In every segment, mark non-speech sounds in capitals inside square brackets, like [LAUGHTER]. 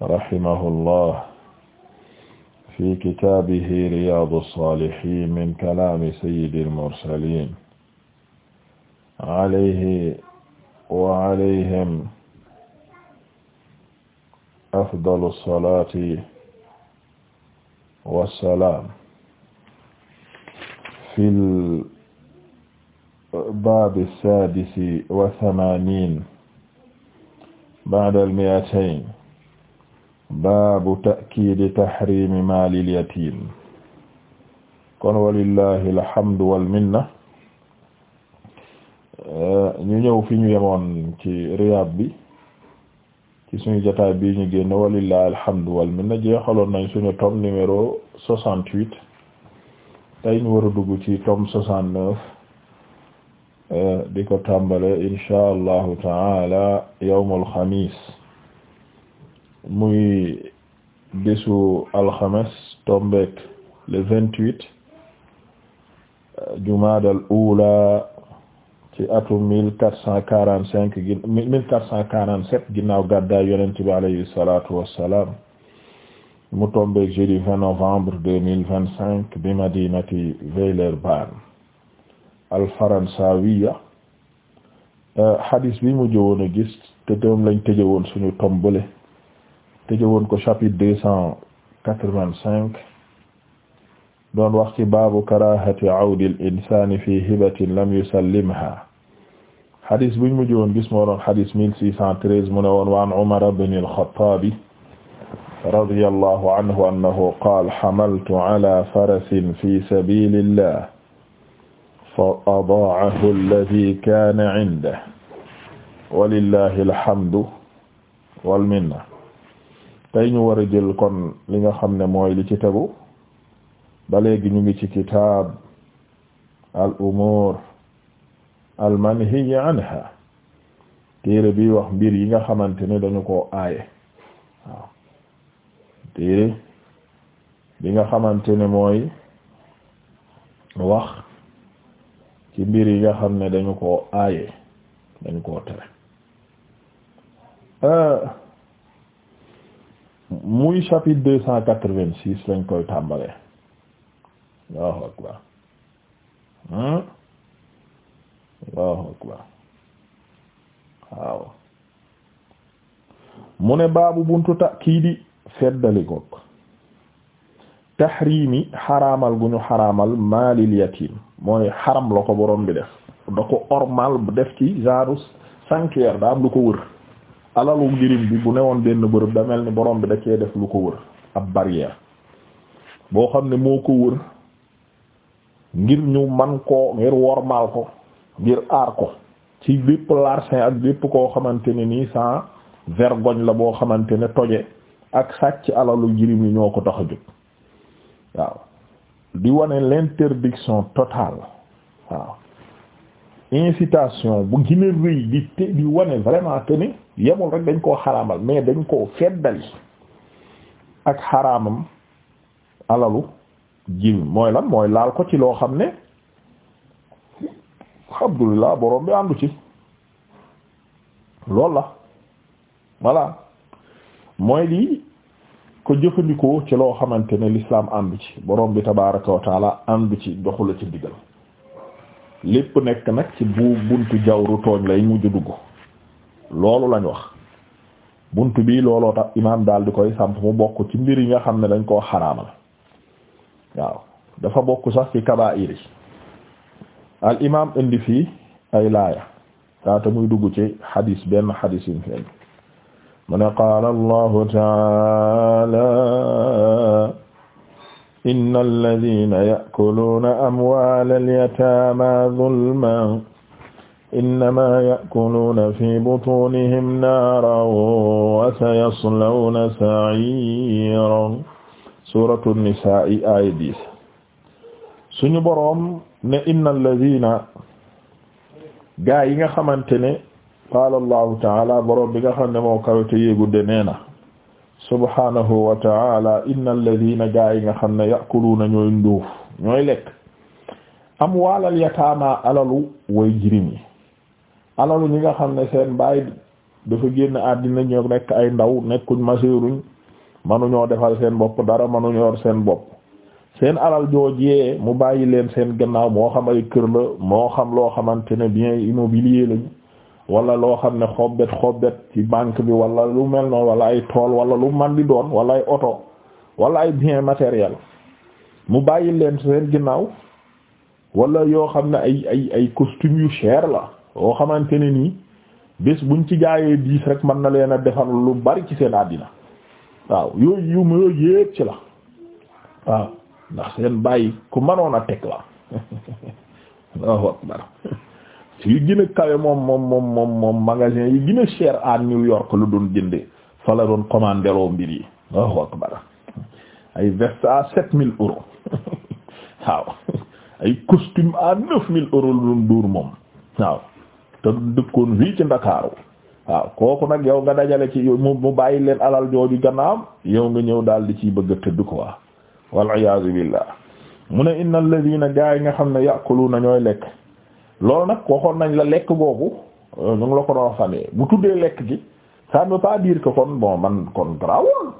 rahimahullah fi kitaabihi riyaadu saalihiin min kalaami sayyidil mursaliin alayhi wa alayhim afdalu salaati wa salaam fil baabi saadisi wa samaaniin ba'dal mi'atayn baabu ta'kiidi tahrimi maalil yatiim kon walillahi alhamdu wal ñu ñëw fi ñu yemoon ci riyaab bi ci suñu jotaay bii ñu génn walillahi alhamdu wal minna jeexaloon nañ suñu tom numéro soixante-huit tey ñu war ci tome soixante-neuf di ko tàmbale insha allahu taala yawmul xamiis muy bésu alxames tombeek le vingt-huit jumaadal ula ci atum mille quatre cent quarante-cinq gin mille ginnaaw gàddaay yonent bi alayhi salaatu wassalaam mu tombeek jeudi vingt novembre deux mille vingt bi madinati Villeurbanne alfaransawiya euh, hadis bi mu jëwoon a gis te doom lañ tëjewoon suñu tombale tëjee woon ko chapitre deux cent quatre-vingt-cinq doon wax ci baabu karahati awdil insani fi hibatin lam yusallimha xadis buñ mujj woon gis moo doon xadis mille six cent treize mu ne woon wa an Umar ibn al-Khattab radiyallahu anhu annahu qaala hamaltu ala farasin fi sabilillah fa adaacahu alladhi kaana cindahu walillahi alhamdu wal minna tey ñu war a jël kon li nga xam ne mooy li ci tegu ba léegi ñu ngi ci kitaab al umur al manhiy anha téere bi wax mbir yi nga xamante ne dañu ko aaye waaw téere bi nga xamante ne mooy wax ci mbir yi nga xam ne dañu ko aaye dañu koo tere euh, muy chapitre deux cent quatre-vingt-six lañ koy tàmbalee Allahu hmm? mu ne baabu buntu takiidi feddali goog tahrimi xaraamal gu ñu xaraamal maalil yatim mooy xaram la ko borom bi def da ko ormal def ci genre sanctuaire daa am lu ko wër alalu ngirim bi bu newoon benn bërëb da mel ni borom bi da cee def lu ko wër ab barrière boo xam ne moo ko wër ngir ñu man ko ngir wormaal ko ngir aar ko ci bépp larcin ak bépp koo xamante ne nii sans vergogne la boo xamante ne toje ak sàcc alalu ngirim yi ñoo ko tax a jóg waaw di wane l'interdiction total waaw incitation bu gën rëy di te di wane vraiment que yemul rek dañ koo xaraamal mais dañ koo feddali ak xaraamam alalu jil mooy lan mooy laal ko ci loo xam ne alhamdulillah borom bi àndu ci loolu la voilà mooy lii ko jëfandikoo ci loo xamante ne lislaam àndu ci borom bi tabaraka wa taala àndu ci doxula ci digal lépp nekk nag ci bu buntu jawru tooñ lay mujj dugg loolu lañ wax bunt bi looloo imaam daal di koy samp mu bokk ci mbir yi nga xam ne dañ ko xaraamal waaw dafa bokk sax ci kabaa'ir yi al imaam indi fii ay laaya taata muy dugg ci xadiis benn xadiis yi fenn taala inna alladina yakuluuna amwaala alyataama zulman innama yakuluuna fi butunihim naaran wa sayaslawna sa'iiran suuratu nisaa'i aaya dix suñu boroom ne inna alladina gaa yi nga xamante ne qaala allahu taala boroom bi nga xam ne moo kawete yéegudde nee na subhaanahu wa taala inna alladina gaa yi nga xam ne yakuluuna ñooy nduuf ñooy yataama alalu way jirim alalu ñi nga xam ne seen baay dafa génn àddina ñoo nekk ay ndaw nekkuñ maseeruñ manuñoo defal seen bopp dara manuñoo yor seen bopp seen alal joojee mu bàyyi leen seen gannaaw moo xam ay kër la moo xam loo xamante ne bien immobilier lañ wala loo xam ne xobbet xobbet ci banque bi walla lu mel noonu wala ay tool wala lu man di doon wala ay oto wala ay bien matériel mu bàyyi leen seen ginnaaw wala yoo xam ne ay ay ay costume yu cher la boo xamante ne nii bés buñ ci jaayee diis rek mën na leen a defal lu bari ci seen àddina waaw yooyu yooyu yépp ci la waaw ndax seen bàyyi ku mënoon a teg la [LAUGHS] Allahu akbar [LAUGHS] yu gën a kawe moom moom moom moom magasin yi gën a cher à New York lu doon jëndee fa la doon commandé mbir yi Allahu akbar [LAUGHS] ay veste à sept mille euros waaw ay costume à neuf mille euros lu doon duur moom waaw te dëkkoon fii ci Ndakaaru waaw kooku nag yow nga dajale ci mu mu bàyyi leen alal jooju gannaam yow nga ñëw daal di ciy bëgg a tëdd quoi wal iyaazu billah mu ne inna alladhina gaa yi nga xam ne yàquluna ñooy lekk loolu nag kookoon nañ la lekk googu ñu euh, ngi la ko doon xamee bu tuddee lekk gi ça ne veut pas dire que kon bon man kon grawul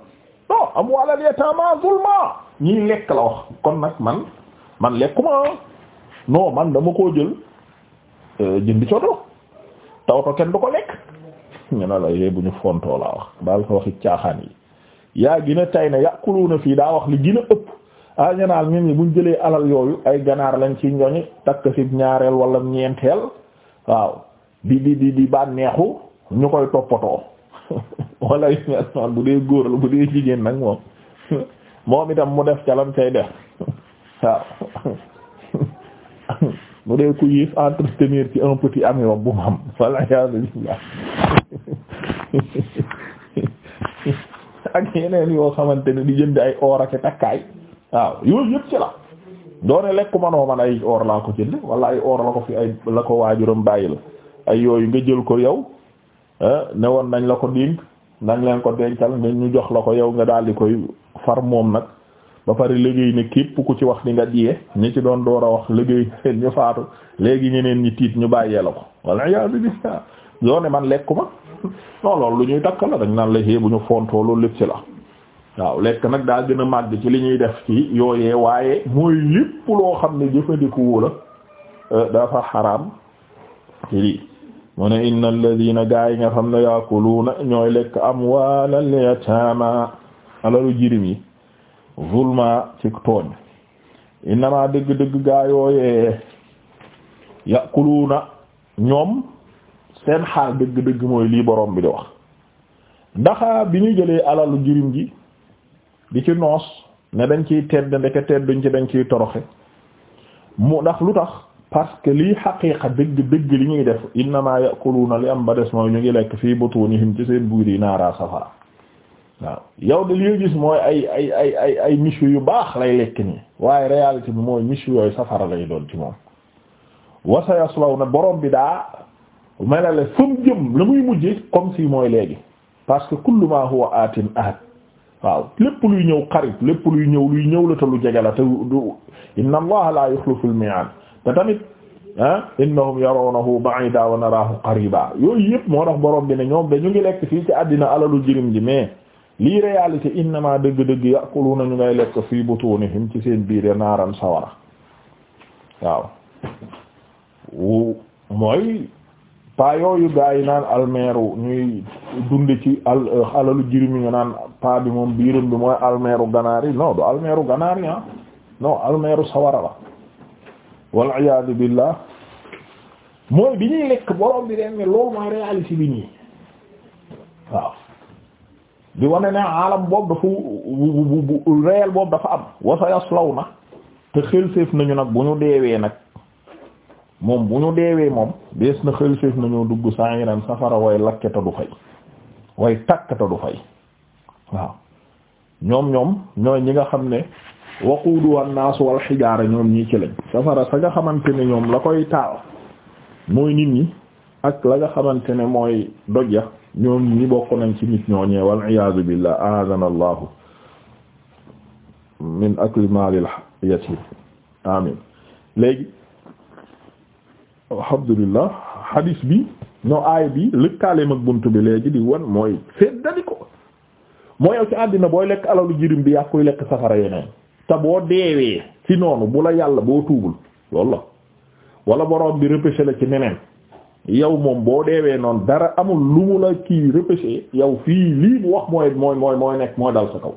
non am wàlal yatama zulma ñii lekk la wax kon nag man man lekkuma non man dama koo jël euh, jëndi coto tawto kenn du ko lekk ñu ne la yee eh, bu ñu fontoo laa wax baal fa waxi caaxaan yi yaa gën a tay ne yàquluuna fii daa wax li gën a ëpp en général ñun ñi buñ jëlee alal yooyu ay ganaar lañ ci ñoñi takk ci ñaareel walla ñeenteel waaw di di di di bànneexu ñu koy toppatoo [LAUGHS] wala yu mel noonu bu dee góor bu dee jigéen nag moom [LAUGHS] moom itam mu def calam cay def [LAUGHS] waaw bu dee ku yiif entretenir ci un petit ami bu mu am walla yalbila ak yeneen yoo xamante ne di jënd ay or ak takkaay waaw yooyu yëpp ci la doone lekku manoo man ay or laa ko jënd wala ay or la ko fi ay la ko waajuram bàyyi la ay yooyu nga jël ko yow eh, ne woon nañ la ko dénk nañ leen ko dencal nga ñu jox la ko yow nga daal di koy far moom nag ba pare liggéey ne képp ku ci wax di nga diye ñi ci doon door a wax liggéey leen ñu faatu léegi ñeneen ñi tiit ñu bàyyee la ko walla yaa ne man lekkuma non loolu lu ñuy takk la dañ naan la xée bu ñu fontoo loolu lépp ci la waaw lekk nag daa gën a màgg ci li ñuy def ci yooyee waaye mooy lépp loo xam ne jëfandikuwu la euh, dafa xaraam ci lii mu ne inna yi nga xam ne yaakuluuna ñooy lekk amwaalal yataama alalu jirim yi zulma ci tooñ innama dëgg-dëgg gaa yooyee yaquluuna ñoom seen xaal dëgg-dëgg mooy lii boroom bi di wax ndaxa bi ñuy jëlee alalu jirim ji di ci noos ne dañ ciy tedd ndeke tedduñ ci dañ ciy toroxe mu ndax lu tax parce que lii xaqiiqa dëgg dëgg li ñuy def innama yaquluuna li am ba des mooy ñu ngi lekk fii butunihim ci seen buur yi naaraa safara waaw yow de li gis mooy ay ay ay ay ay michu yu baax lay lekk nii waaye réalité bi mooy michu yooyu safara lay doon ci moom wasayaslaw na borom bi daa melale fam jëm la muy mujje comme si mooy léegi parce que kullu ma huwa atin aat waaw lépp luy ñëw xarit lépp luy ñëw luy ñëw la te lu jege la te du inna allaha la yuxliful mi'ad te tamit ah innahum yarawnahu ba'ida wa narahu qariba yooyu yëpp moo tax borom bi ne ñoom dañu ngi lekk fii ci àddina alalu jirim ji mais lii réalité innama dëgg-dëgg yàqulu nañu ngay lekk fii butunihim ci seen biir naaran sawara waaw wu mooy pa yooyu gaa naan almeeru ñuy dund ci al euh, alalu jirim ñu naan pa bi moom biiram bi mooy almeeru ganaar yi du almeeru ganaar yi ah almeeru sawara la wal iyaadu billah mooy bi ñuy lekk borom bi leen ne loolu mooy réalité bi nii waaw di wane ne alam boobu dafa bu bu réel boobu dafa am wasa law na te xelséef nañu nag bu ñu deewee nag moom bu ñu deewee moom dees na xelséef nañoo dugg sa'iran safara way lakketa du fay way takkata du waaw ñoom ñoom ñooy ñi nga xam ne waquudu an-naas wal hijaara ñoom ñii ci lañ safara sa nga xamante ni ñoom la koy taaw mooy nit ñi ak la nga xamante ne mooy doj ya ñoom ñi bokk nañ ci nit ñooñee wal iyaazu billah aadana allahu min akli maalil yatim amin léegi alhamdulillah hadis bi ñoo aay bi lëkkaaleem ak bunt bi léegi di wan mooy feddali ko moo yow ci àddina booy lekk alalu jirim bi yaa lekk safara yeneen te boo deewee ci noonu bu la yàlla boo tuubul loolu la wala boroom bi repêché la ci neneen yow moom boo deewee noonu dara amul lu mu la kii repêché yow fii lii mu wax mooy mooy mooy nekk mooy dal sa kaw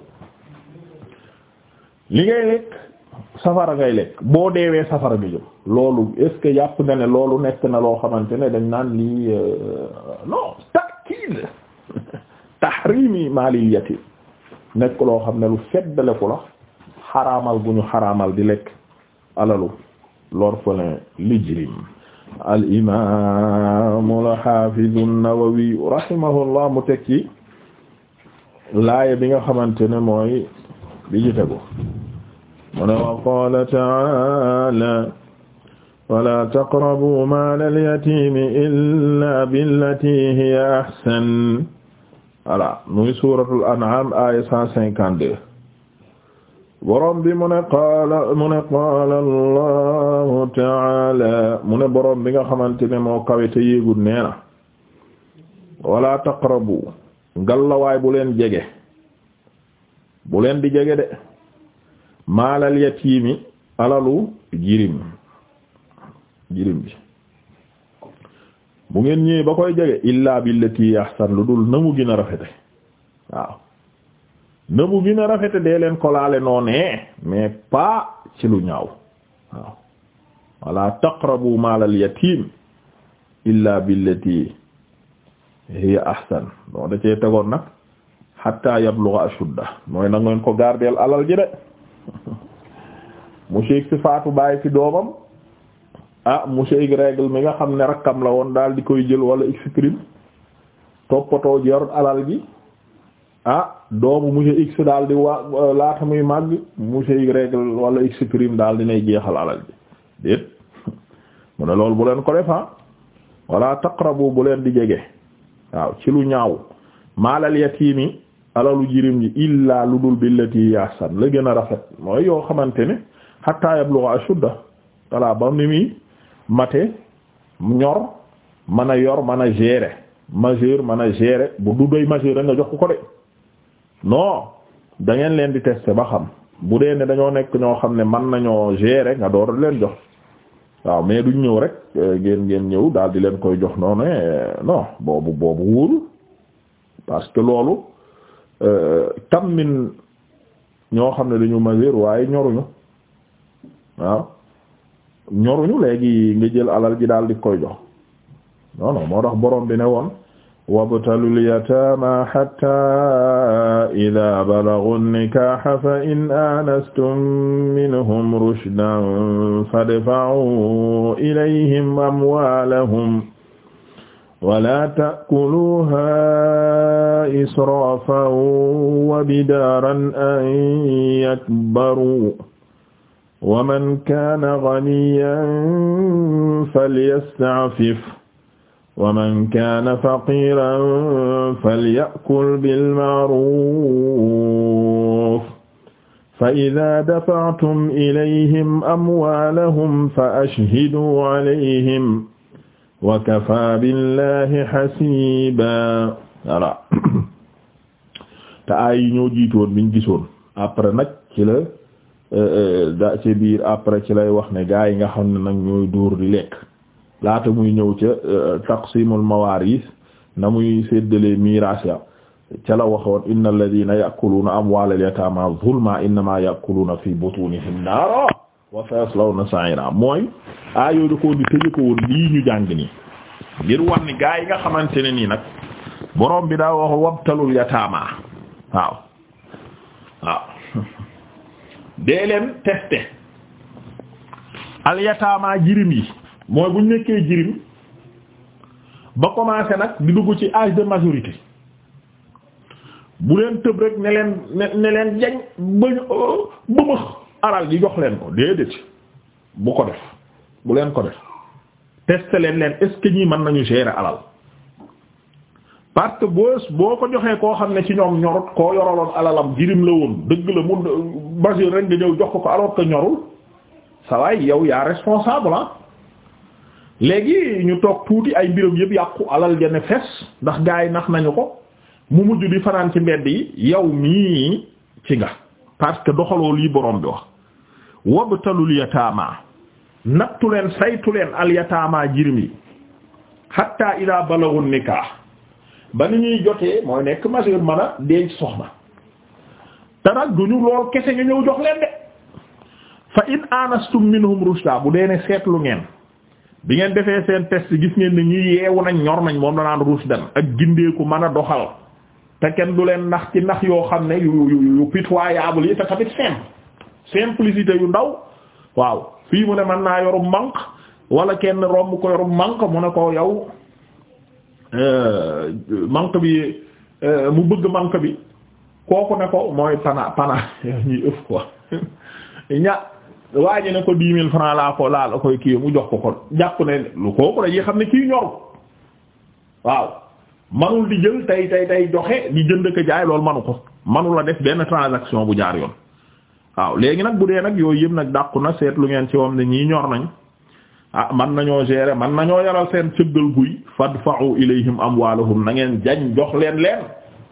li ngay lekk safara ngay lekk boo deewee safara bi jëm loolu est ce que yàpp nga ne loolu nekk na loo xamante ne dañ naan lii euh, non takkid [LAUGHS] nekk loo xam ne lu feddaleku la xaraamal gu ñu xaraamal di lekk alalu lor fële lijrim al imaamu al xaafizu an-Nawawi rahimahullah mu teg ci laaya bi nga xamante ne mooy bi ci tegu mu ne wa qaala ta'aala walaa taqrabuu maalal yatiimi illaa billatii hiya ahsan voilà muy suuratul an'aam aaya cent cinquante-deux borom bi mu ne qaala mu ne qaala mu ne borom bi nga xamante ne moo kawe te yéegul nee na wala taqrabu ngallawaay bu leen jege bu leen di jege de maalal yatiimi alalu jirim jirim bi bu ngeen ñëwee ba koy jege illaa billati ahsan lu dul na mu gën a rafete waaw na mu gën a rafete dee leen kolaale noonee mais pas ci lu ñaaw waaw wala taqrabu mal al illa billati hiya ahsan don da cee tegoon nag hatta yablugha ashudda mooy na ngeen ko gardeel alal ji de [LAUGHS] monsieur si faatu bàyyi fi doomam ah monsieur y règle mi nga xam ne rakkam la woon daal di koy jël wala exprime toppatoo ji yor alal ji ah doomu monsieur x daal di waa euh, laata muy màgg monsieur y règle wala x daal dinay jeexal alal ji [LAUGHS] mu ne loolu bu leen ko defa ah. wala taqrabu bu leen di jege waaw ci lu ñaaw maalal yatiimi alalu jirim ji illaa lu dul billati ahsan la gën a rafet mooy yoo xamante ne hatta yablugha ashudda walla bam ni mi mate ñor mën a yor mën a gérer majeur mën a gérer bu du doy majeur nga jox ko de non da ngeen leen di tester ba xam bu dee ne dañoo nekk ñoo xam ne man nañoo gérer nga door leen jox waaw mais duñ ñëw rek euh, ngeen ngeen ñëw daal di leen koy jox noonu euh, non boobu boobu wóorul parce que loolu euh, tam min ñoo xam ne dañu majeur waaye ñoruñu waaw ñoruñu léegi nga jël alal ji daal di koy jox non non moo tax borom bi ne woon. wabtalul yataama hattaa idaa balagu nikaaha fa in aanastum minhum rushdan fadfa'uu ilayhim amwaalahum walaa ta'kuluuhaa israafan wa bidaaran an yakbaruu wa man kaana ganiyyan falyasta'fif wa man kaana faqiiran falyakul bilma'ruuf fa idaa dafa'tum ilayhim amwaalahum fa ashhiduu alayhim wa kafaa billaahi hasiibaa. voilà [COUGHS] te ay yi ñoo jiitoon biñ gisoon après nag ci la euh, euh, da ci biir après ci lay wax ne gaa yi nga xam ne nag ñooy dóor di lekk. laata muy ñëw ca euh, taqsimul mawaris na muy séddalee miiraas ya ca la waxoon innal ladina ya'kuluna amwalal yatama zulma innama fi butunihim naara wa sayaslawna sa'ira mooy aayoo da ko di tëje ko woon lii jàng nii ngir wan ni nga xamante ne nii borom bi daa wax wabtalul yataama waaw waaw [LAUGHS] dee leen teste mooy bu ñu nekkee jirim ba commencé nag di dugg ci âge de majorité bu leen tëb rek ne leen ne leen jañ ba ñu euh, bëmëx alal ji jox leen ko déedéet bu ko def bu leen ko def tester leen leen est-ce que ñii mën nañu gérer alal parce que boo boo ko joxee koo xam ne ci ñoom ñorut koo yoraloon alalam jirim la woon dëgg la mu majeur rek nga ñëw jox ko ko alors que ñorul sa waay yow yaa responsable ah léegi ñu toog tuuti ay mbiram yëpp yàqu alal jane fes ndax gaa yi nax nañu ko mu mujj di fanaan ci mbedd yi yow mii ci nga parce que doxaloo lii boroom bi wax wabtalul yataama nattu leen saytu leen al yataama jirim yi hatta ila balagu nikah ba ni ñuy jotee mooy nekk majeur mën a denc soxna te du ñu lool kese ñu ñëw jox leen de fa in anastum minhum rushda bu dee ne seetlu ngeen bi ngeen defee seen test gis ngeen ne ñi yeewu nañ ñor nañ moom danaan ruus dem ak gindeeku mën a doxal te kenn du leen nax ci nax yoo xam ne yu yu pitoyable yi te tamit simple simplicité yu ndaw waaw fii mu ne mën naa yorub manq wala kenn romb ko yorub manq mu ne ko yow euh, manq bi euh, mu bëgg manq bi kooku ne ko mooy pana pana [LAUGHS] ñuy ëf quoi [LAUGHS] ña waa ji ne ko dix mille francs laa ko laa la koy kii mu jox ko ko jàpp ne lu kooku dañuy xam ne kii ñor waaw manul di jël tey tey tey joxe di jënd ko jaay lool manu ko manu def benn transaction bu jaar yoon waaw léegi nag bu dee nag yooyu yëpp nag dàqu na seetlu ngeen ci wam ne ñii ñor nañ ah man nañoo gérer man nañoo yaral seen cëggal guy fadfa'u ilayhim amwaalahum na nangeen jañ jox leen leen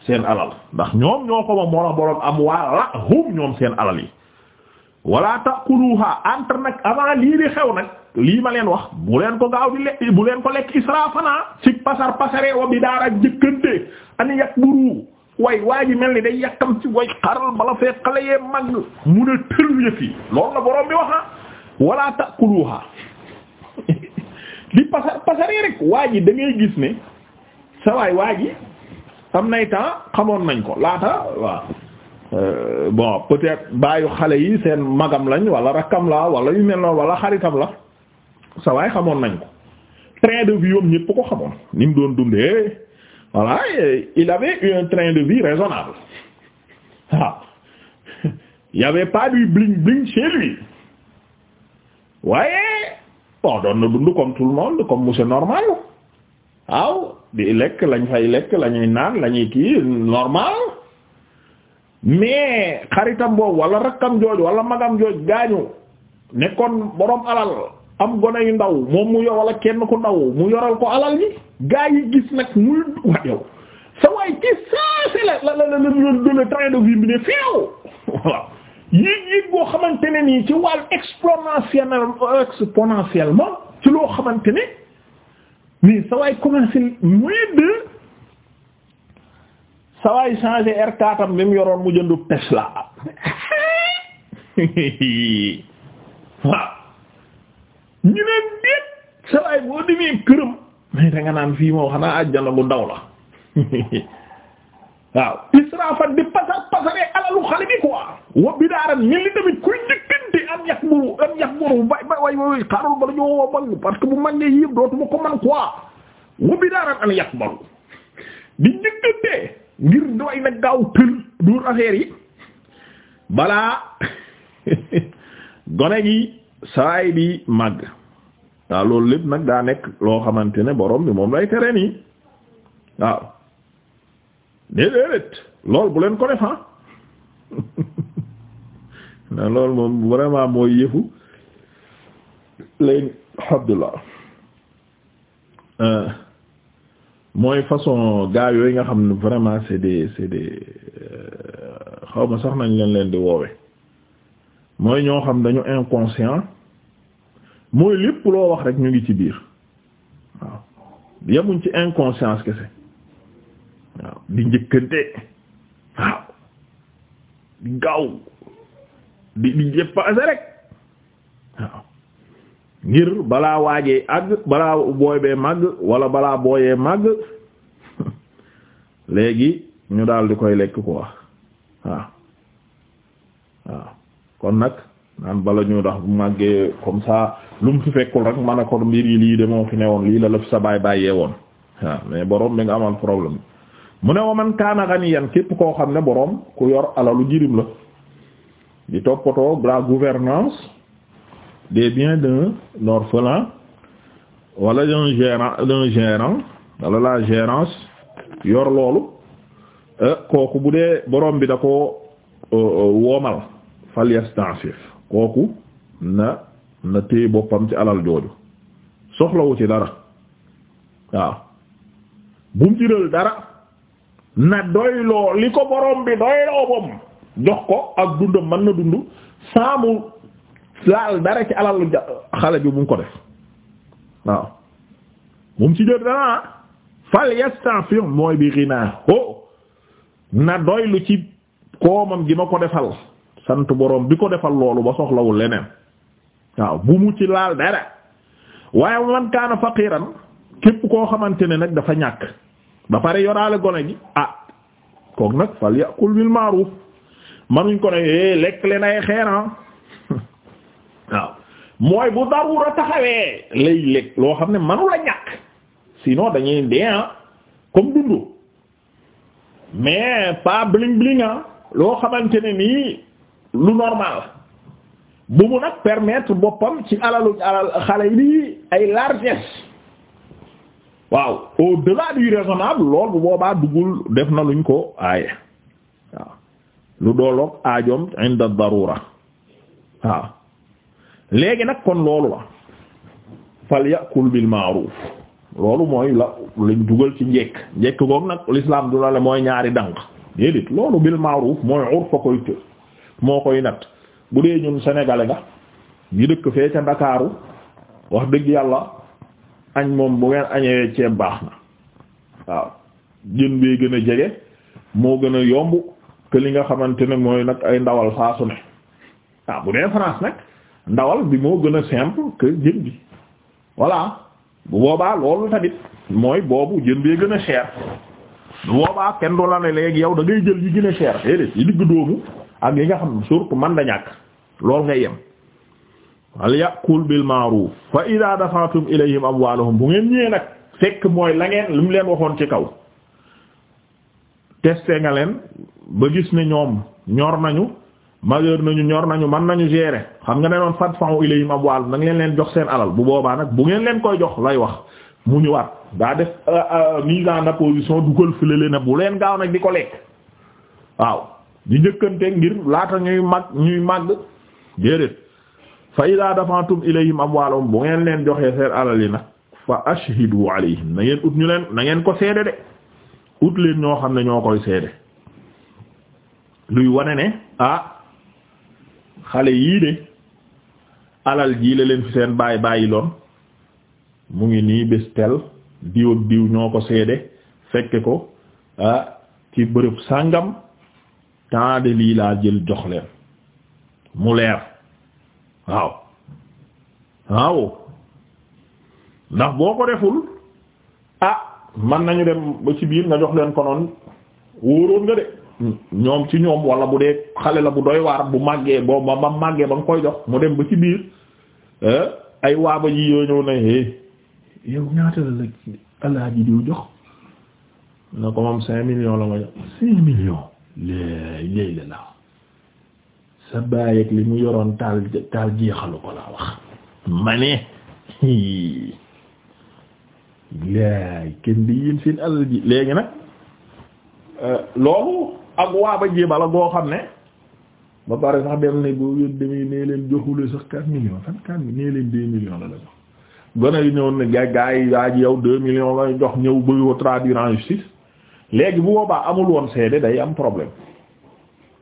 seen alal ndax ñoom ñoo ko ma moroom boroom amwaalahum ñoom seen alal yi wala taquluha entre nag avant lii di xew nag lii ma leen wax bu leen ko gaaw di lekk bu leen ko lekk israfana ci pasar pasare wa bi daara jëkkante ani yàq buru way waa ji mel ni day yàkkam ci way xaral bala fee xale yee mag mu ne tël yëf yi loolu la bi wax na wala taquluha [LAUGHS] di pasar pasare rek waa ji da gis ni sa waay waa am nay temps xamoon nañ ko laata waaw Euh, bon peut-être baayu xale yi seen magam lañ wala rakkam la wala yu mel wala xaritam la sa waay xamoon nañ ko train de vie yom ñépp ko xamoon ni mu doon dundee voilà il avait un train de vie raisonnable waaw ah. il avait pas du bling bling chez lui waaye bon doon na dund comme tout le monde comme monsieur normal waaw di lekk lañ fay lekk lañuy naan lañuy kii normal mais xaritam boobu wala rakkam jooj wala magam jooj gaañu nekkoon boroom alal am gone yu ndaw moom mu yor wala kenn ku ndaw mu yoral ko alal yi gaa yi gis nag muy wax yow sa waay ci saase la la la le train de vie bi ne feew waaw yéeg yéeg xamante ne nii ci wàllu exponentiel ci loo xamante ne nii sa waay commencé muy de sawaay changé R4 am bi mu yoroon mu jëndu Tesla waaw ñu ne déet sawaay boo demee këram mais da naan fii moo xanaa àjjana bu ndaw la waaw israfan di pasar pasare alalu xale bi quoi wa bidaaran mel ni tamit kuy njëkkante am yax buru am yax buru bay bay way way xaarul bala ñoo woo mag parce que bu mag yëpp dootuma ko man quoi wa bidaaran am yax baru di njëkkante ngir doy na gaaw tël duur affaire yi balaa [LAUGHS] gone gi saay bi màgg waaw loolu lépp nag daa nekk loo xamante ne boroom bi moom lay tere nii waaw déedéet loolu bu leen ko def ah [LAUGHS] loolu moom vraiment mooy yëfu leen Abdullah euh, mooy façon gaa yooyu nga xam ne vraiment c'est des c'est des euh, xaw sax nañ leen leen di woowe mooy ñoo xam dañu inconscient mooy lépp loo wax rek ñu ngi ci biir waaw yemuñ ci inconscience kese waaw di njëkkante waaw di gaaw di di dépassé rek waaw ngir balaa waajee àgg balaa booy bee màgg wala balaa booyee màgg [LAUGHS] léegi ñu daal di koy lekk ko wax waaw waaw kon nag naan bala ñu ndax bu màggee comme ça lu mu fi fekkul rek man a kon mbir yi lii de moo fi ne woon lii la la fi sa baay bàyyee woon waaw mais borom bi nga amal problème mu ne waman kaana ganiyan képp koo xam ne borom ku yor alalu jirim la di toppatoo la gouvernance des biens d'un orphelin wala d'un gérant d'un gérant wala la gérance yor loolu euh, kooku bu dee borom bi da ko euh, euh, woomal fal yastansif kooku na na téye boppam ci alal jooju soxlawu ci dara waaw bum jiral dara na doyloo li ko borom bi doyloo bom jox ko ak dundam mën na dund saamu laal dara ci alalu xale bi bu mu ko def waaw bu mu ci jot dara ah. fal yastaafir mooy bi rinaa ho na doylu ci koomam gi ma ko defal sant boroom bi ko defal loolu ba soxlawul leneen waaw bu mu ci laal dara waaye man kaana faqiran képp koo xamante ne nag dafa ñàkk ba pare yoraale gone gi ah kook nag fal yàqul bil ma'ruf manuñ ko ne eh, lekk leen ay xeeran ah. waaw mooy bu darura taxawee lay loo xam ne manu la ñàkk sinon dañuy dee ah comme dundu mais pas bling bling ah loo xamante ne nii lu normal bu mu nag permettre boppam ci alalu alal xale yi ay largesse waaw au-delà du raisonnable lool bu boobaa duggul def na luñ ko aaye waaw lu dooloog aajoom inda darura waaw léegi nag kon loolu la fal yakul bil ma'ruf loolu mooy la lañ dugal ci njekk njekk goog nag l'islam du la le mooy ñaari dànk déedéet loolu bil ma'ruf mooy urf fa koy moo koy nat bu dee ñun sénégalais nga ñu dëkk fee ca ndakaaru wax dëgg yàlla añ moom bu ngeen añee ceeb baax na waaw jën bee gën a jege moo gën a yomb que li nga xamante ne mooy nag ay ndawal saa ne waaw bu dee France nag ndawal bi moo gën a simple que jën bi voilà bu boobaa loolu tamit mooy boobu jën bee gën a cher bu kenn du la ne léegi yow da ngay jël yi gën a cher déedéet yi digg doomu ak yi nga xam surtout man da ñàkk loolu ngay yem wal yaqul bil ma'ruf fa ida dafa'tum ilayhim amwalahum bu ngeen ñëwee nag fekk mooy la ngeen lu mu leen waxoon ci kaw testé nga leen ba gis ne ñoom ñor nañu majeur nañu ñor nañu mën nañu gérer xam nga ne noon fat fa'u ilayhim abwaal nag leen leen jox seen alal bu boobaa nag bu ngeen leen koy jox lay wax mu ñëwaat daa def euh, euh, mise en opposition dugal fëlale na bu leen gaaw nag di ko lekk waaw di njëkkante ngir laata ñuy mag ñuy màgg déedéet fa idaa dafantum ilayhim amwaalum bu ngeen leen joxee seen alal yi nag fa ashhidu alayhim na ngeen ut ñu leen na ngeen ko seede de ut leen ñoo xam ne ñoo koy seede luy xale yii de alal jii la leen fi seen baay bàyyi mu ngi nii bés tel diw diw ñoo ko seede fekke ko ah ci bërëb sàngam temps de lii laa jël jox leen mu leer waaw waaw ndax boo ko deful ah man nañu dem ba ci nga jox leen konoon wóoroon nga de ñoom ci ñoom wala bu dee xale la bu doy waar bu màggee boo ba màggee ba nga koy jox mu dem ba ci biir eh, ay waaba ji yoo ñëw na é eh, yow ñaata la alaaji diw jox na ko moom cinq millions la ma jox sa baay ak li mu yoroon taal taal jeexalu ko laa wax ma ne laay [LAUGHS] kenn di yéen seen alal ji léegi nag Euh, loolu ak waa ba jéem la goo xam ne ba pare sax dem ne boo yéen nee leen joxule sax 4 millions fan 4 nee leen 2 millions la la gone yi ñëwoon ne gars gars yi yaa ji yow 2 millions la jox ñëw bëgg ko traduire en léegi bu boobaa amul woon seede day am problème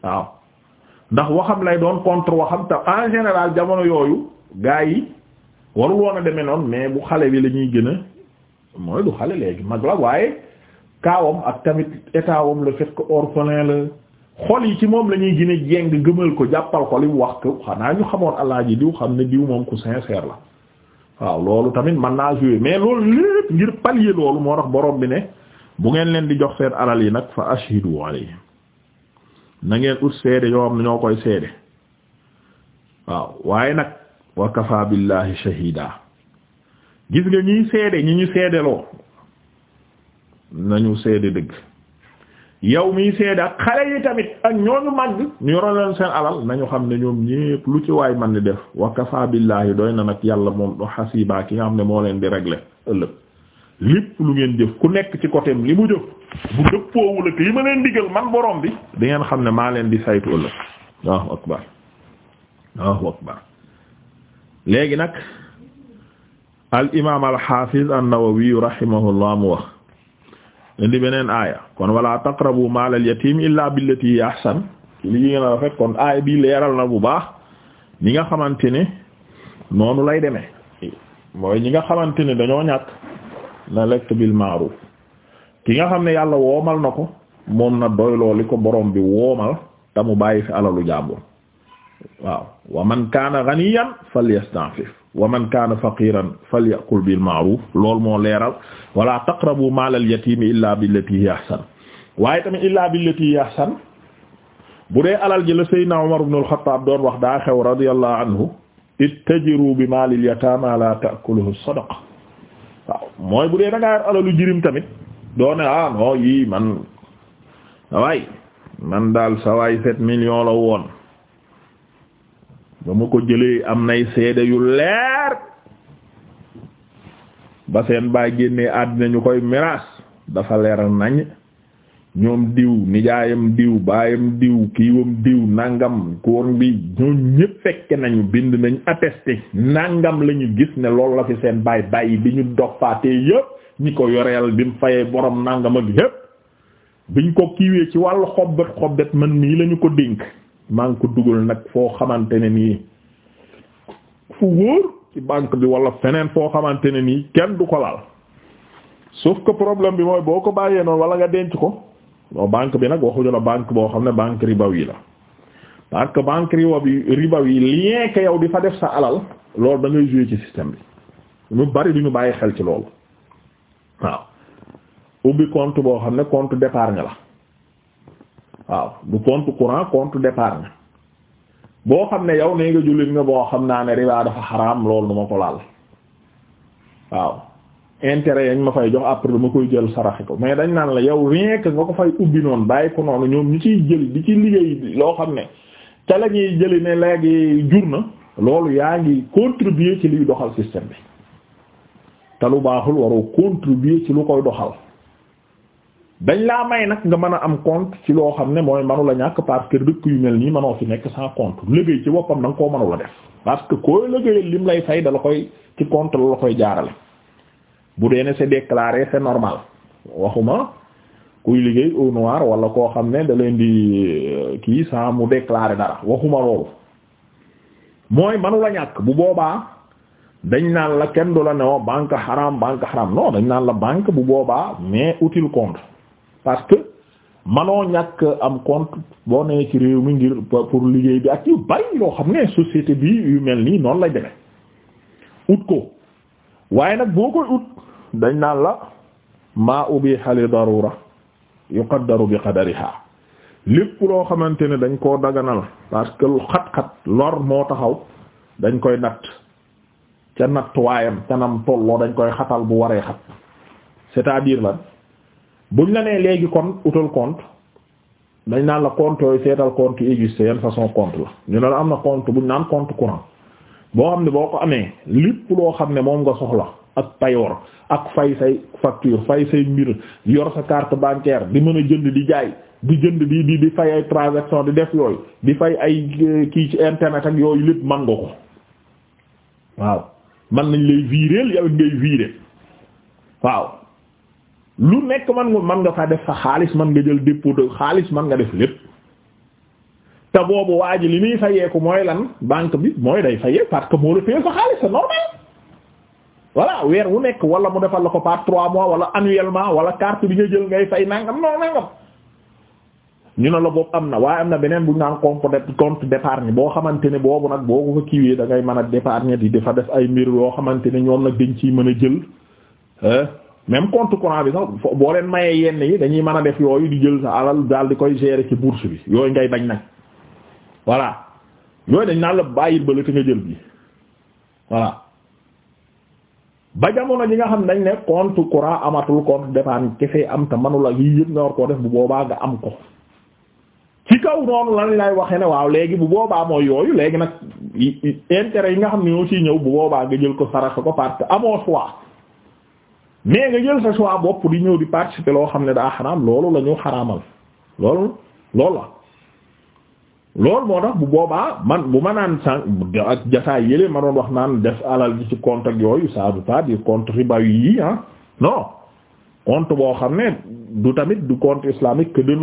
waaw ndax waxam lay doon contre waxam tam en général jamono yooyu gars yi warul woon a demee noonu mais bu xale bi lañuy ñuy gën a mooy du xale léegi mag la waaye. kaawam ak tamit état la le ko que xol yi ci moom la ñuy gën a jeng gëmal ko jàppal ko li mu wax ko xanaa ñu xamoon alaaji diw xam ne diw moom ku sincère la waaw loolu tamit man naa jouer mais loolu lépp ngir pallier loolu moo tax borom bi ne bu ngeen leen di jox seen alal yi nag fa ashhidu alayhim na ngeen ut seede ñoo koy seede waaw waaye nag wa kafa billahi shahida gis nga ñiy seede ñi ñu seedeloo nañu seede dëgg yow mii seede ak xale yi tamit ak ñooñu màgg ñu yoroon leen seen alal nañu xam ne ñoom ñépp lu ci waay man ni def wa kafa billahi doy na nag yàlla moom xasiba ki nga xam ne moo leen di régler ëllëg lépp lu ngeen jëf ku nekk ci côté li mu jëf bu dëppoowul ak li ma leen digal man borom bi di ngeen xam ne maa leen di saytu ëllëg Allahu akbar Allahu akbar léegi nag al imam al hafiz an-Nawawi rahimahullah mu wax indi beneen aaya kon wala taqrabu maalal yatim illa billati hiya ahsan ci li ngeen a rafet kon aaya bi leeral na bu baax ñi nga xamante ne noonu lay demee mooy ñi nga xamante ne dañoo ñàkk na lekk bil ma'ruf ki nga xam ne yàlla woomal na ko moom na doy looli ko borom bi woomal te bàyyi fi alalu jàmbur waaw wa man kaana ghaniyan falyastanfif wa man kaana faqiran falyakul bil ma'ruf loolu moo leeral wala taqrabu maalal yatimi illaa billati hiya ahsan waaye tamit illaa billati hiya ahsan bu dee alal ji la Seydina Umar ibn al-Khattab doon wax daa xew radiyallahu anhu ittajiru bi maalil yataama la ta'kuluhu sadaqa waaw mooy bu dee da ngaa yor alalu jirim tamit doone ah non yii man sawaay man daal sawaay sept millions la woon ba ko jëlee am nay seede yu leer ba seen baa génnee àddina ñu koy miraas dafa leeral nañ ñoom diw nijaayam diw baayam diw kiiwam diw nangam koor bi ñoom ñëpp fekke nañu bind nañ attesté nangam la gis ne loolu la fi seen baay bàyyi bi ñu doppaatee yëpp ñi ko yoreel bi mu fayee borom nangam ak yëpp biñ ko kiiwee ci wàll xobbet xobbet man mii lañu ko dénk maa ngi dugal nag foo xamante ne nii fu wóor ci banque bi wala feneen foo xamante ne nii kenn du ko laal sauf que problème bi mooy boo ko bàyyee noonu wala nga denc ko bon banque bi nag waxuñu la banque boo xam ne banque ribaw yi la parce que banque ribaw bi ribaw yi lien que yow di fa def sa alal loolu dangay ngay jouer ci système bi ñu bari du ñu bàyyi xel ci loolu waaw ubbi compte boo xam ne compte d'épargne la waaw du compte courant compte d'épargne boo xam ne yow nee nga jullit nga boo xam naa ne riba dafa xaraam loolu du ma ko laal waaw intérêt yañ ma fay jox après ma koy jël saraxe ko mais dañ naan la yow rien que nga ko fay ubbi noonu bàyyi ko noonu ñoom ñu ciy jëli di ci liggéey loo xam ne ca la ñuy jëli ne léegi jur na loolu yaa ngi contribuer ci liy doxal système bi te lu baaxul waroo contribuer ci lu koy doxal dañ laa may nag nga mën a am compte ci loo xam ne mooy manu la ñàkk parce que dëkk yu mel nii manoo fi nekk sans compte liggéey ci boppam da nga koo mënu la def parce que koo liggéeyal lim lay fay da koy ci compte la la koy jaarale bu dee ne c'est déclaré c'est normal waxuma kuy liggéey au noir wala koo xam ne da leen di euh, kii sans mu déclaré dara waxuma loolu mooy manu la ñàkk bu boobaa dañ naan la kenn du la ne oh, banque xaram banque xaram non dañ naan la banque bu boobaa mais utile compte parce que manoo ñàkk am compte boo nee ci réew mi ngir pour liggéey bi ak yu bari loo xam ne société bi yu mel nii noonu lay demee ut ko waaye nag boo koy ut dañ naan la maa ubiha li darura yuqaddaru bi qadariha lépp loo xamante ne dañ koo daganal parce que xat-xat lor moo taxaw dañ koy natt ca nattuwaayam ca nam tolloo dañ koy xatal bu waree xat c'est-à-dire lan buñ la nee léegi kon utal compte dañ naan la compte yooyu seetal compte yu existé yan façon compte la ñu ne la am na compte buñ naan compte courant boo xam ne boo ko amee lépp loo xam ne moom nga soxla ak payoor ak fay say facture fay say mbir yor sa carte bancaire di mën a jënd di jaay di jënd di di di fay ay transaction di def yooyu di fay ay euh, kii ci internet ak yooyu lépp man nga ko waaw man nañ lay lu nekk man nga man nga fa def sa xaalis man nga jël dépôt xaalis man nga def lépp te boobu waa ji li muy fayeeku mooy lan banque bi mooy day fayee parce que moo la téye sa xaalis c'est normal voilà weer wu nekk wala mu defal la ko par trois mois wala annuellement wala carte bi nga jël ngay fay nangam non nangam ñu ne la boobu am na waaye am na beneen bu ñu naan compte compte d'épargne boo xamante ne boobu nag boo ko fa kiiwee da ngay mën a d'épargne di dafa def ay mbir yoo xamante ne ñoom nag dañ ciy mën a jël même compte courant bi sax boo leen mayee yenn yi dañuy mën a def yooyu di jël sa alal daal di koy gérer ci bourse bi yooyu ngay bañ nag voilà yooyu dañ naan la bàyyil ba la te nga jël bi voilà ba jamono ji nga xam dañ ne compte courant amatul compte d'épargne kese am te manula yii yëpp nga war koo def bu boobaa nga am ko ci kaw noonu lan lay waxee ne waaw léegi bu boobaa mooy yooyu léegi nag intérêt yi nga xam ne ñoo ciy ñëw bu boobaa nga jël ko sarax ko parce que amoo mais nga jël sa choix bopp di ñëw di participer loo xam ne daa xaraam loolu la ñu xaraamal loolu lool la loolu moo tax bu boobaa man bu ma naan sànq ak jataay yële ma doon wax naan def alal ji ci compte ak yooyu ça veut pas dire compte riba yi ah compte boo xam ne du tamit du compte islamique que de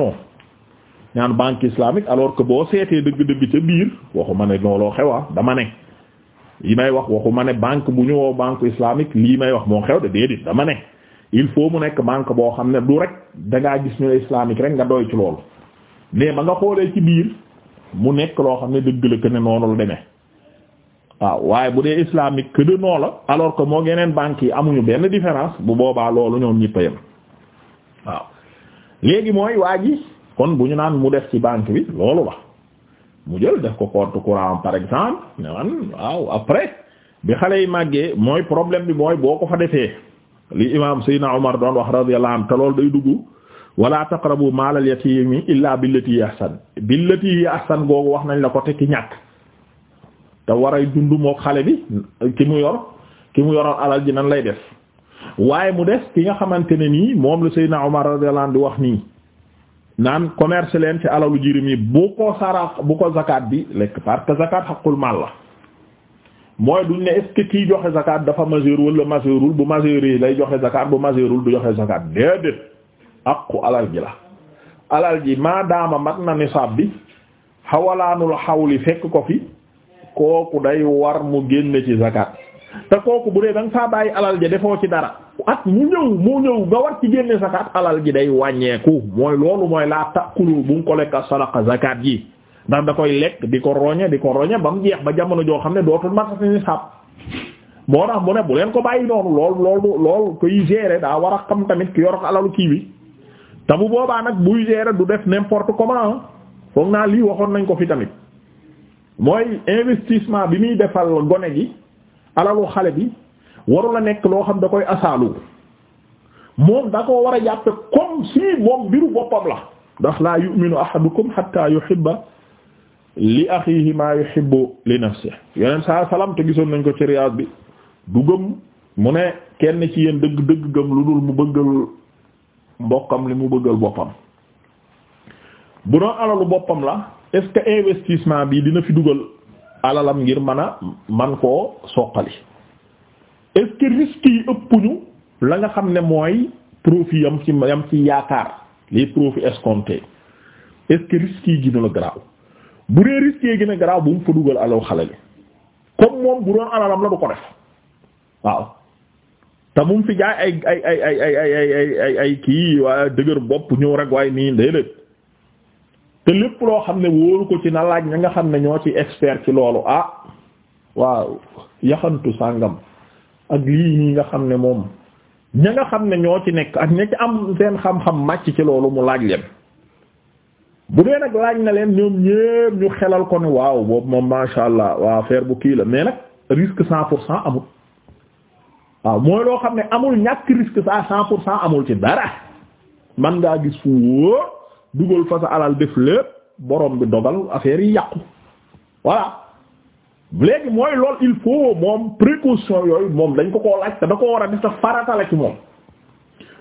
ñaan banque islamique alors que boo seetee dëgg-dëgg ca biir waxuma ne looloo xewa ah, dama ne li may wax waxu ma ne banque bu ñëwoo banque islamique lii may wax moo xew de déedéet dama ne il faut mu nekk banque boo xam ne du rek da ngaa gis ñu islamique rek nga doy ci loolu mais ba nga xoolee ci biir mu nekk loo xam ne dëgg la que ne noonu la deme waaw waaye bu dee islamique que de noo la alors que moo geneen banque yi amuñu benn différence bu boobaa loolu ñoom ñëpp a yem waaw léegi mooy waa ji kon bu ñu naan mu def ci banque bi loolu la mu jël def ko compte courant par exemple ne man waaw après bi xale yi màggee mooy problème bi mooy boo ko fa defee li imam Seydina Omar doon wax radiyallahu anhu te loolu day dugg wala taqrabu maalal yatiimi illaa billati yi ahsan billati yi ahsan googu wax nañ la ko te ki ñàkk te waray dund moo xale bi ki mu yor ki mu yoroon alal ji nan lay def waaye mu des ki nga xamante ne nii moom la Seydina Omar radiyallahu anhu di wax nii naan commerce leen ci alalu jirim yi bu ko sara bu ko zakat bi lekk parce que xaqul mal la mooy duñ ne est kiy joxe zakat dafa majeur wala majeurul bu majeur yi lay joxe zakat bu majeurul du joxe zakat déedéet aqu alal ji la alal ji maadaama mat na nisaab bi xawalaanul xawli fekk ko fi kooku day war mu génne ci zakat te kooku bu dee da nga faa bàyyi alal ji defoo ci dara at mu ñëw mu ñëw nga war ci génne zakat alal ji day wàññeeku mooy loolu mooy laa takulu bu nga ko lekk sadaqa zakat ji ndax da koy lekk di ko roñe di ko roñe ba mu jeex ba jamono joo xam ne dootul matati ni sàpp moo tax mu ne bu leen ko bàyyi noonu lool loolu loolu koy daa war a xam tamit ki yor alalu kii bi te bu boobaa nag buy gérer du def n'importe comment foog naa lii waxoon nañ ko fi tamit mooy bi muy defal gone gi alalu xale bi waru a nekk loo xam da koy asalu moom da ko war a jàppe comme si moom mbiru boppam la ndax laa yu'minu ahadukum hatta yuhibba li akhihi ma yuhibbu li nafsihi yeneen saa salaam te gisoon nañ ko ci Riyad bi du gëm mu ne kenn ci yéen dëgg dëgg gëm lu dul mu bëggal mbokkam li mu bëggal boppam bu doon alalu boppam la est-ce que bi dina fi dugal alalam ngir mën a man koo soqali est-ce yi ëpp ñu la nga xam ne mooy profit yam ci ci yaakaar les profits escomptés est-ce que risques yi gën a garaaw bu dee risques yi gën garaaw bu mu fa dugal alaw xale li comme moom bu doon alalam la du ko def waaw te mu fi jaay ay ay ay ay ay ay kii waa dëgër bopp ñëw rek waaye nii déedéet te lépp loo xam ne wóoru ko ci na laaj ña nga xam ne ñoo ci expert ci loolu ah waaw yaxantu sàngam ak lii nii nga xam ne moom ña nga xam ne ñoo ci nekk ak ña ci am seen xam-xam màcc ci loolu mu laaj leen bu dee nag laaj na leen ñoom ñépp ñu xelal ko ne waaw boobu moom masha Allah waa affaire bu kii la mais nag risque cent pour cent amul waaw mooy loo xam ne amul ñàkk risque ça cent pour cent amul ci dara man ngaa gis fu wóor dugal fa sa alal def lépp borom bi dogal affaire yi yàqu voilà léegi mooy lool il faut moom précaution yooyu moom dañ ko ko laaj te da ko war a def te farata la moom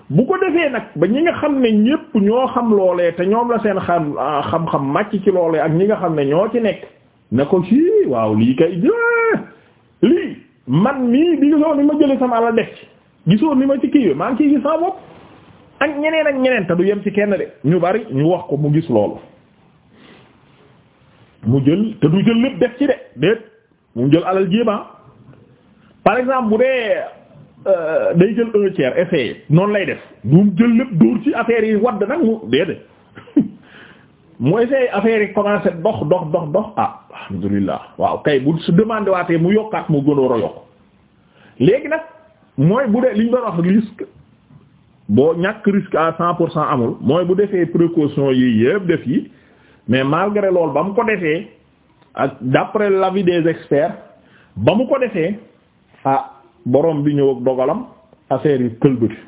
bu ko defee nag ba ñi nga xam ne ñépp ñoo xam loolee te ñoom la seen xam ah, xam-xam màcc ci loolee ak ñi nga xam ne ñoo ci nekk ne ko ci waaw lii kay eh, lii man mii bi gisoon ni ma jëlee sama alal def ci gisoon ni ma ci kii maa ngi ciy gis sama ak ñeneen ak ñeneen te du yem ci kenn de ñu bari ñu wax ko mu gis loolu mu jël te du jël lépp def ci de déet mu jël alal jéema par exemple bu dee euh, day jël un tiers essayé noonu lay def du jël lépp dóor ci affaire yi wadd nag mu déedéet [LAUGHS] mu essayé affaire yi commencé dox dox dox dox ah alhamdulillah waaw kay bu su demandé waatee mu yokkaat mu gënoor a yokk léegi nag mooy bu dee liñ doon wax risque boo ñàkk risque à cent pour cent amul mooy bu defee précaution yi yëpp def yi mais malgré lool ba mu ko defee ak d'après l'avis des experts ba mu ko defee ah borom bi ñëw dogalam affaire yi këlbati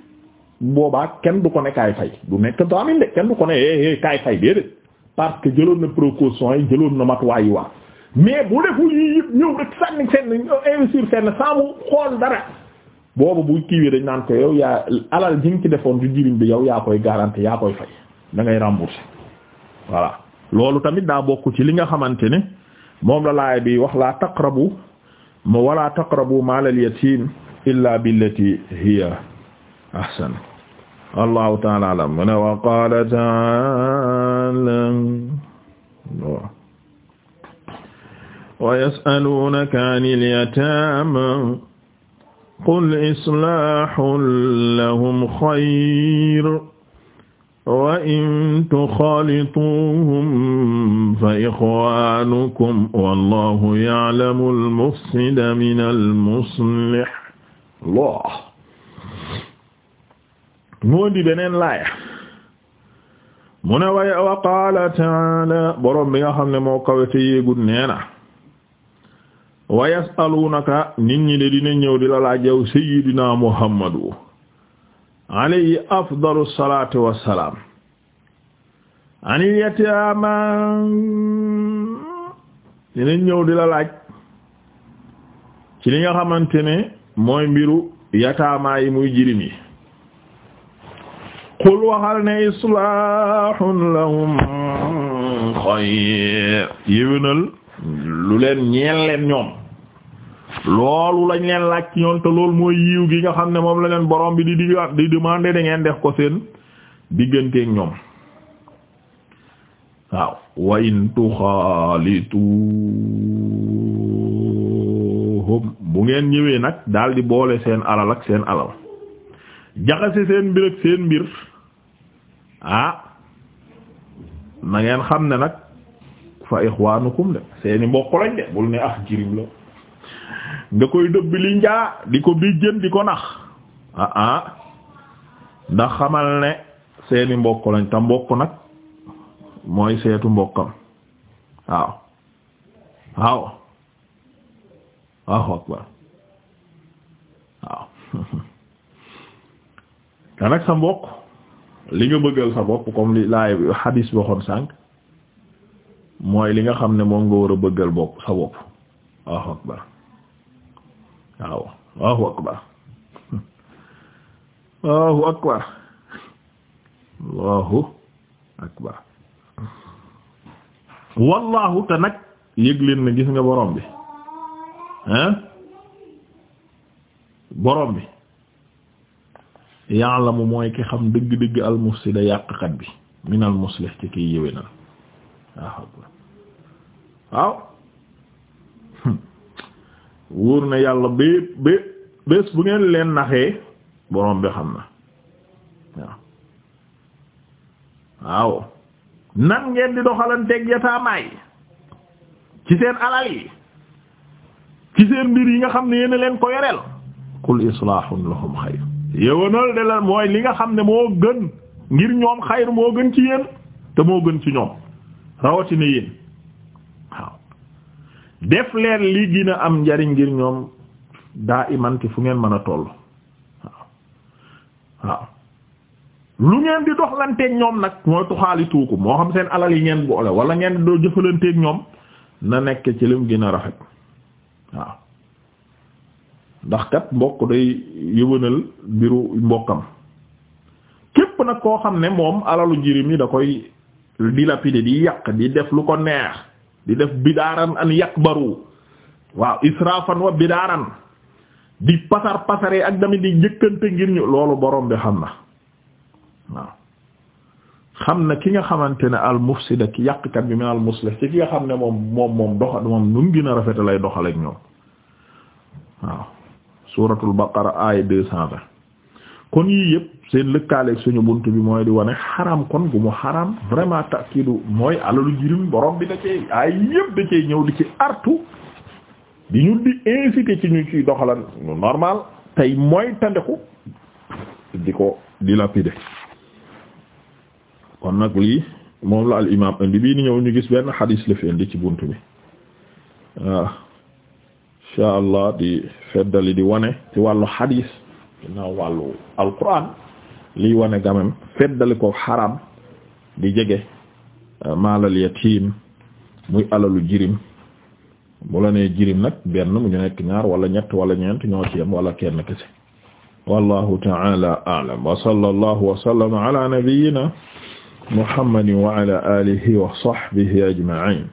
boobaa kenn du ko ne kaay fay du nekk to amin de kenn du ko ne é eh, eh, kaay fay déedéet parce que jëloon na précaution yi jëloon na matuwaay yi waa mais bu defu yi yëpp ñëw rek sànni seen investir seen sans xool dara boobu bu kiiwee dañ naan ko yow yaa ji bi yow yaa koy garanti yaa koy fay da ngay rembourser voilà loolu tamit daa bokk ci li nga xamante ne moom la laay bi wax laa taqrabu mu wala taqrabu maalal yatim illa billati hiya ahsan allahu taala alam mu ne wa qala taala wa yas'alunaka anil yatama qul islahun lahum xayr wa in tuxaalituhum fa ixwaanukum wallahu ya'lamu al-mufsida mina al-muslih Allah moo di beneen laaya mu ne wa qaala ta'aala boroom bi nga xam ne moo kawete yéegul nee na wa yasalunaka nit ñi de dina ñëw di la laaj yow sayyidina muhammadu alayhi afdalu salaatu wassalaam anil yataama dina ñëw di la laaj ci li nga xamante ne mooy mbiru yataamaa yi muy jirim yi qul waxal ne islaahun lahum xayr yéwénal lu leen ñeel leen ñoom loolu lañ leen laaj ci ñoom te loolu mooy yiw gi nga xam ne moom la leen boroom bi di di di demander da ngeen def ko seen digganteeg ñoom waaw wa in tuxaalituhum bu ngeen ñëwee nag daal boole seen alal ak seen alal jaxase seen mbir ak seen mbir ah na ngeen xam ne nag fa ixwaanukum de seeni mbokk lañ de bul ne ah jirim la nga koy dëbb li njaa di ko bijjën di ko nax ah, ah ndax xamal ne seeni mbokk lañ te mbokk nag mooy seetu mbokkam waaw waaw waaw [LAUGHS] nag sa mbokk li nga bëggal sa bopp comme li laay xadiis bi waxoon mooy li nga xam ne moom nga war a bëggal bopp sa bopp Allahu akbar waaw Allahu akbar [LAUGHS] Allahu akbar Allahu nag yëg leen gis nga borom bi hein borom bi ya'lamu mooy ki xam dëgg-dëgg al mufsida yàqkat bi min al ci kiy yéwénal waaw hmm. wóor na yàlla bee bee bés bu ngeen leen naxee borom bi xam na waaw nan ngeen di doxalanteeg yataamaay ci seen alal yi ci seen mbir yi nga xam ne yéen leen ko yoreel qul islahun lahum xayr yëwanal de la mooy li nga xam ne moo gën ngir ñoom xayr moo gën ci yéen te moo gën ci ñoom rawatina yéen waaw def leen li gën am njariñ ngir ñoom daa iman fu ngeen mën a toll waaw waaw lu ngeen di doxalanteeg ñoom nag mooy tuxaali tuuku moo xam seen alal yi ngeen boole wala ngeen doo jëfalanteeg ñoom na nekk ci lim gina rafet waaw ndax kat mbokk day yëwanal mbiru mbokkam képp nag koo xam ne moom alalu jirim yi da koy di lapide di yàq di def lu ko neex di def bidaaran an yakbaru waaw israfan wa bidaaran di pasar pasare ak damit di njëkkante ngir ñu loolu borom bi xam na waaw xam na ki nga xamante ne al mufsida ki yàqkat bi min al muslih ci ki nga xam ne moom moom moom doxa moom nu mu gën a lay doxaleek ñoom waaw suratul baqara ay deux cent vingt kon yii yëpp seen lëkkaaleeg suñu bunt bi mooy di wane xaram kon gu mu xaram vraiment takidu mooy alalu jirim borom bi da cee ay yëpp da cee ñëw di ci artu di ñu di inciter ci ñu ciy doxalan normal tey mooy tandeku di ko dilapider kon nag lii moom la al imam indi bii ni ñëw ñu gis benn xadiis la fi indi ci bunt bi waaw insha allah di feddali di wane ci wàllu xadiis ginnaaw wàllu alquran lii wane gamam feddali ko xaram di jege euh, maalal yatim muy alalu jirim bu la nee jirim nag benn mu ñu nekk ñaar wala ñett wala ñeent ñoo ci yem wala kenn kese wallahu ta'ala a'lam wa sallallahu wa sallama ala nabiyyina muhammadin wa ala alihi wa sahbihi ajma'in